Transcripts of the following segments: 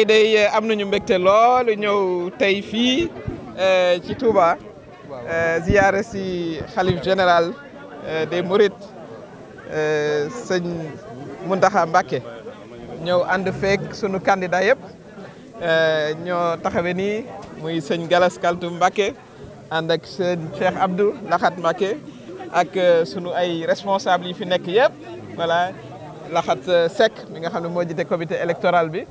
tey day eh, am nañu mbégte lool ñëw tey fii eh, ci Touba eh, ziyaare si xalif général des Mourides sëñ Mountakha Mbacké ñëw ànd feek sunu kandida yëpp ñoo taxawe nii muy sëñ Galas Kaltum Mbacké ànd ak sëñ Cheikh Abdou Lahat Mbacké ak sunu ay responsable yi fi nekk yëpp voilà Laxat euh, Seck mi nga xam ne moo jiite comité électoral bi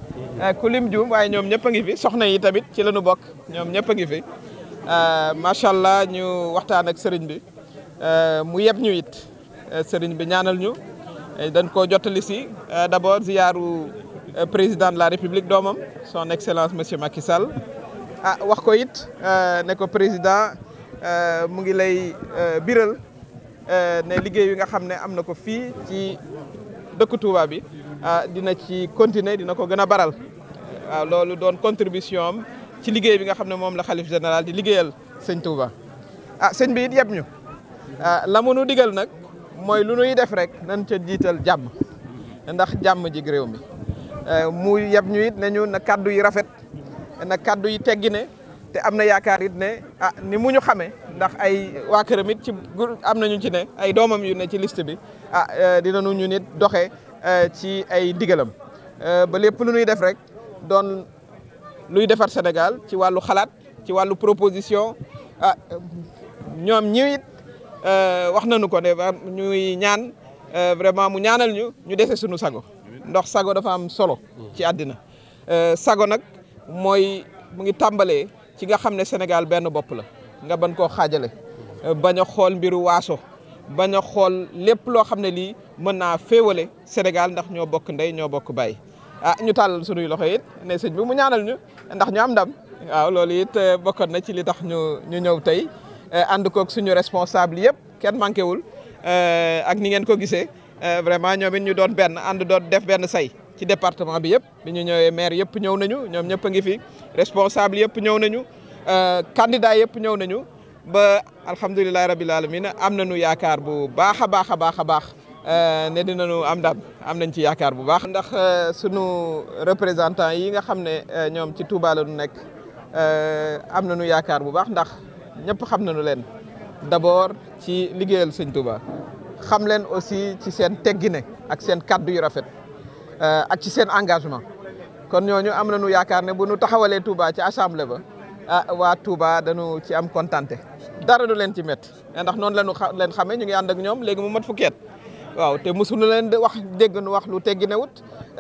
euh, ku lim juum waaye ñoom ñëpp ngi fi soxna yi tamit ci la ñu bokk ñoom ñëpp a ngi fi euh, macha allah ñu waxtaan ak sëriñ bi mu yeb ñu it sëriñ bi ñaanal ñu dañ koo jottali si d'abord ziyaaru président de la république doomam son excellence monsieur Macky Sall ah wax ko it ne ko président mu ngi lay biral ne liggéey yi nga xam ne am na ko fii ci dëkku Touba bi ah, dina ci continuer dina ko gën a baral waaw ah, loolu doon contribution am ci liggéey bi nga xam ne moom la xalif général di liggéeyal sëñ Touba. ah sëñ bi it yeb ñu ah, la nu digal nag mooy lu nuy def rek nañ ca jiital jàmm ndax jàmm ji réew mi eh, mu yeb ñu it nañu na kaddu yi rafet na kaddu yi ne te am na yaakaar yit ne ni mu ñu xamee. ndax ay waa këram it ci am na ñu ci ne ay doomam yu ne ci liste bi ah euh, dinañu ñu nit doxee euh, ci ay digalam euh, ba lépp lu ñuy def rek doon luy defar Sénégal ci wàllu xalaat ci wàllu proposition ah ñoom ñi it wax nañu ko ne ñuy ñaan vraiment mu ñaanal ñu ñu dese suñu sago ndox sago dafa am solo ci àddina sago nag mooy mu ngi tàmbalee ci nga xam ne Sénégal benn bopp la nga ban koo xaajale bañ xool mbiru waaso bañ xool lépp loo xam ne lii mën naa féewale Sénégal ndax ñoo bokk ndey ñoo bokk baay ah ñu tàllal sunuy loxo it ne sëñ bi mu ñaanal ñu ndax ñu am ndam waaw loolu it eh, bokkoon na ci li tax ñu ñu ñëw tey eh, ànd koog suñu responsable yëpp kenn manqué wul eh, ak ni ngeen ko gisee vraiment ñoom it ñu doon benn ànd doon def benn say ci département bi yëpp bi ñu ñëwee maire yëpp ñëw nañu ñoom ñëpp a ngi fi responsable yëpp ñëw nañu Euh, candidat yëpp ñëw nañu ba alhamdulilahi rabil alamin am nañu yaakaar bu baax a baax a baax a baax euh, ne dinañu am ndam am nañ ci yaakaar bu baax ndax euh, sunu représentant yi nga xam ne ñoom ci Touba la ñu nekk am na nañu yaakaar bu baax ndax ñëpp xam nañu leen d'abord ci liggéeyal sëñ Touba xam leen aussi ci seen teggine ak seen kàddu yu rafet ak ci seen engagement kon ñooñu am na nu yaakaar ne bu ñu taxawalee tubaa ci assemblée ba ah waa Touba dañu ci am kontante dara du leen ci métti eh, ndax noonu la ñu leen xame ñu ngi ànd ak ñoom léegi mu mat fukki at waaw te mosuñu leen wax dégg nu wax lu teggi ne newut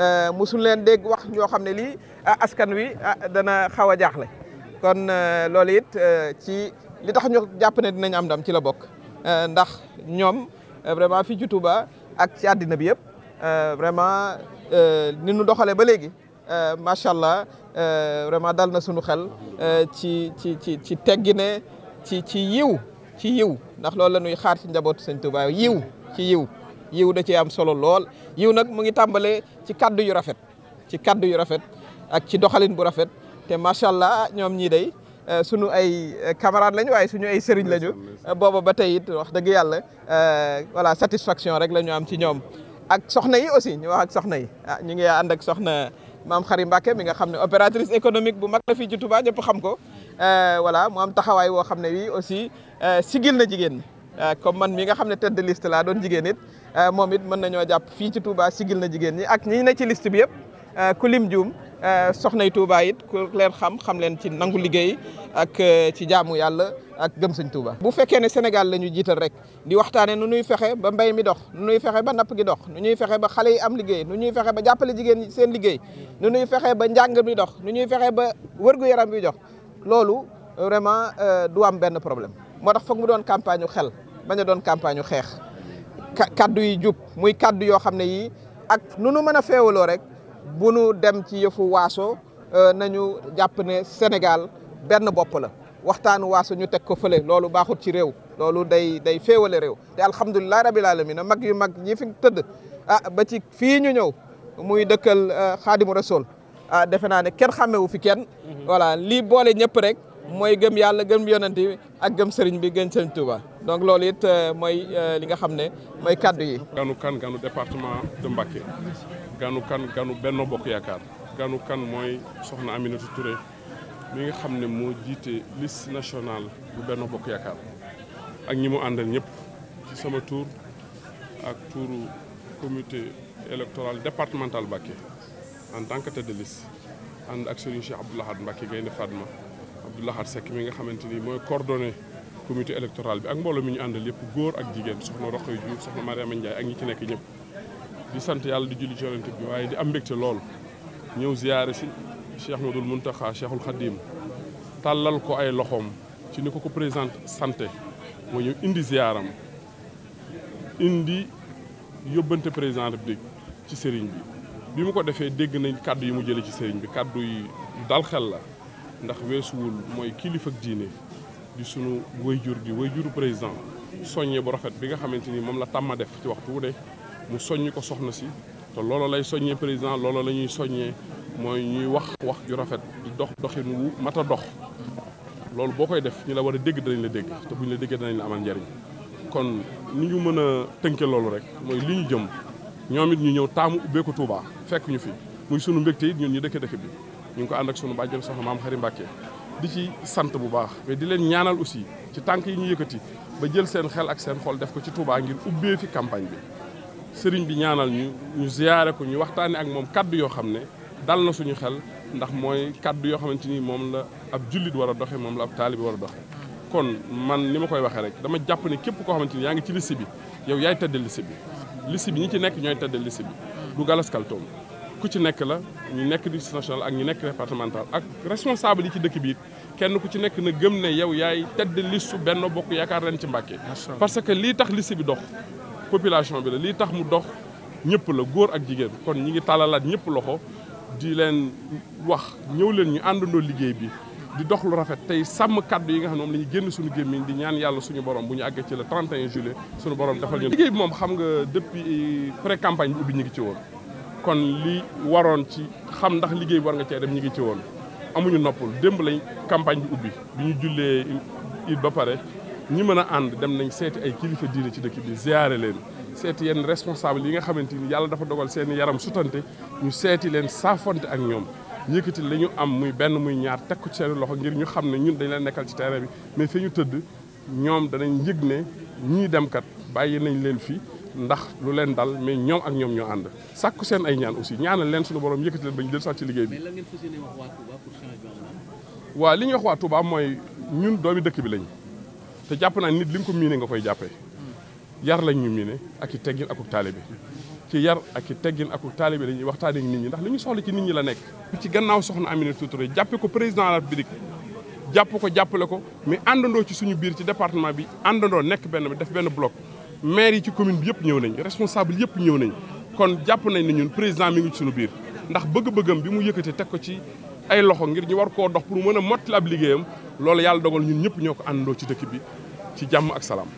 eh, mosuñu leen dégg wax ñoo xam ne lii ah, askan wi ah, dana xaw a jaaxle kon eh, loolu it ci li tax ñu jàpp ne dinañ am ndam ci la bokk ndax ñoom vraiment fii ci Touba ak ci àddina bi yëpp vraiment ni ñu doxalee ba léegi. Euh, macha allah euh, vraiment dal na suñu xel euh, ci ci ci ci teggine ci ci yiw ci yiw ndax loolu la ñuy xaar ci njabootu sëñ Tuubaa yiw ci yiw yiw da ci am solo lool yiw nag mu ngi tàmbalee ci kaddu yu rafet ci kaddu yu rafet ak ci doxalin bu rafet te macha allah ñoom ñii day sunu ay camarades lañu waaye suñu ay sëriñ lañu booba ba tey it wax dëgg yàlla voilà satisfaction rek la ñu am ci ñoom ak soxna yi aussi ñu wax ak soxna yi ah ñu ngi ànd ak soxna. maam Xari Mbacke mi nga xam ne opératrice économique bu mag la fii ci Touba ñëpp xam ko euh, voilà mu am taxawaay woo xam ne bii aussi euh, sigil na jigéen ñi euh, comme man mi nga xam ne tête de liste laa doon jigéen moom it mën nañoo jàpp fii ci Touba sigil na jigéen ñi ak ñi ne ci list bi yëpp ku lim juum soxna Touba it ku leen xam xam leen ci nangu liggéey ak ci jaamu yàlla ak gëm sëñ Touba. bu fekkee ne Sénégal la ñu jiital rek di waxtaane nu ñuy fexe ba mbay mi dox nu fexe ba napp gi dox nu ñuy fexe ba xale yi am liggéey nu ñuy fexe ba jàppale jigéen ñi seen liggéey nu ñuy fexe ba njàng mi dox nu ñuy fexe ba wërgu yaram bi dox loolu vraiment euh, du am benn problème moo tax foog mu doon campagne ñu xel bañ a doon campagne xeex kaddu yi jub muy kaddu yoo xam ne yi ak nu nu mën a feewaloo rek bu nu dem ci yëfu waaso euh, nañu jàpp ne Sénégal benn bopp la waxtaanu waaso ñu teg ko fële loolu baaxut ci réew loolu day day féewale réew te alhamdulilah rabil alamin mag yu mag ñi fi tëdd ah ba ci fii ñu ñëw muy dëkkal ah, xaadimu rasul ah defe naa ne kenn xàmmewu fi kenn mhm. voilà lii boole ñëpp rek mooy gëm yàlla gëm yonent ak gëm sëriñ bi gën sëriñ Touba donc loolu it euh, mooy euh, li nga xam ne mooy kaddu yi ganu kan ganu département de Mbacké ganu kan ganu benn Bokk Yaakaar ganu kan mooy soxna Aminata Touré mi nga xam ne moo jiite liste nationale bu benn Bokk Yaakaar ak ñi mu àndal ñëpp ci sama tour ak touru comité électoral départemental Mbacké en tant que de liste ànd ak Serigne Cheikh Abdou Lahad Mbacké Gaynde Fatma Abdou Lahad Seck mi nga xamante ni mooy coordonné comité électoral bi ak mbooloo mi ñu àndal yëpp góor ak jigéen soxna Roxoy Diouf soxna Mariama Ndiaye ak ñi ci nekk ñëpp di sant yàlla di julli ci bi waaye di am mbégte lool Cheikh Modou Mountakha Cheikhul Khadim tàllal ko ay loxoom ci ni ko ko président sante moo ñëw indi ziaram indi yóbbante président république ci sëriñ bi bi mu ko defee dégg nañ kàddu yi mu jëlee ci sëriñ bi kàddu yi dal xel la ndax weesuwul mooy kilifa ak diine di sunu wayjur di wayjuru président soññe bu rafet bi nga xamante ni moom la tàmma def ci waxtu wu de mu soññ ko soxna si te loolu lay soññee président loolu la soññee mooy ñuy wax wax ju rafet di dox doxin wu mat a dox loolu boo koy def ñu la war a dégg danañ la dégg te bu ñu la déggee danañ la amal njariñ kon ni ñu mën a tënke loolu rek mooy li ñu jëm ñoom it ñu ñëw taamu ubbeeku Touba fekk ñu fi muy sunu mbégte it ñun ñu dëkk dëkk bi ñu ngi ko ànd ak sunu bàjjen soxo maam Xari Mbàkke di ci sant bu baax mais di leen ñaanal aussi ci tànk yi ñu yëkkati ba jël seen xel ak seen xol def ko ci Touba ngir ubbee fi campagne bi sëriñ bi ñaanal ñu ñu ziyaare ko ñu waxtaane ak moom kaddu yoo xam ne dal na suñu xel ndax mooy kàddu yoo xamante ni moom la ab jullit war a doxe moom la ab taalibi war a doxe kon man ni ma koy waxee rek dama jàpp ne képp koo xamante ni yaa ngi ci liste bi yow yaay tëddal liste bi liste bi ñi ci nekk ñooy tëddal liste bi du Galas Kaltoum ku ci nekk la ñu nekk liste nationale ak ñu nekk départemental ak responsable yi ci dëkk bi kenn ku ci nekk na gëm ne yow yaay tëdd su benn bokk yaakaar ren ci Mbàkke parce que lii tax liste bi dox population bi la lii tax mu dox ñëpp la góor ak jigéen kon ñi ngi tàllalaat ñëpp loxo di leen wax ñëw leen ñu àndandoo liggéey bi di dox lu rafet tey sàmm kàddu yi nga xam ne moom la ñu génn suñu gémmiñ di ñaan yàlla suñu borom bu ñu àggee ci le 31 juillet suñu borom defal ñu liggéey bi moom xam nga depuis pré campagne bi ubbi ñu ngi ci woon kon li waroon ci xam ndax liggéey bi war nga cee dem ñu ngi ci woon amuñu noppul démb lañ campagne bi ubbi bi ñu jullee it ba pare ñi mën a ànd dem nañ seet ay kilifa diine ci dëkk bi ziyaare leen seeti yenn responsable yi nga xamante ni yàlla dafa dogal seeni yaram sutante ñu seeti leen saafonte ak ñoom yëkkati la ñu am muy benn muy ñaar tekku ci seen loxo ngir ñu xam ne ñun dañ leen nekkal ci terrain bi mais fi ñu tëdd ñoom danañ yëg ne ñii demkat bàyyi nañ leen fii ndax lu leen dal mais ñoom ak ñoom ñoo ànd sakk seen ay ñaan aussi ñaanal leen suñu borom yëkkati leen ba ñu jël sax ci liggéey bi. mais lan waa waaw li ñuy wax waa Touba mooy ñun doomi dëkk bi lañ te jàpp naa nit li nga ko miine nga koy jàppee yar lañ ñu miine ak i teggin akuk taalibe ci yar ak i teggin akuk taalibe la ñuy waxtaanee nit ñi ndax li ñu soxla ci nit ñi la nekk. ci gannaaw soxna Aminata Touré jàppe ko président de la République jàpp ko jàppale ko mais àndandoo ci suñu biir ci département bi àndandoo nekk benn def benn bloc maire yi ci commune bi yëpp ñëw nañ responsable yëpp ñëw nañ kon jàpp nañ ne ñun président mi ngi ci suñu biir ndax bëgg-bëggam bi mu yëkkatee teg ko ci ay loxo ngir ñu war koo dox pour mën a mottali liggéeyam loolu yàlla dogal ñun ñëpp ñoo ko àndandoo ci dëkk bi ci jàmm ak salaam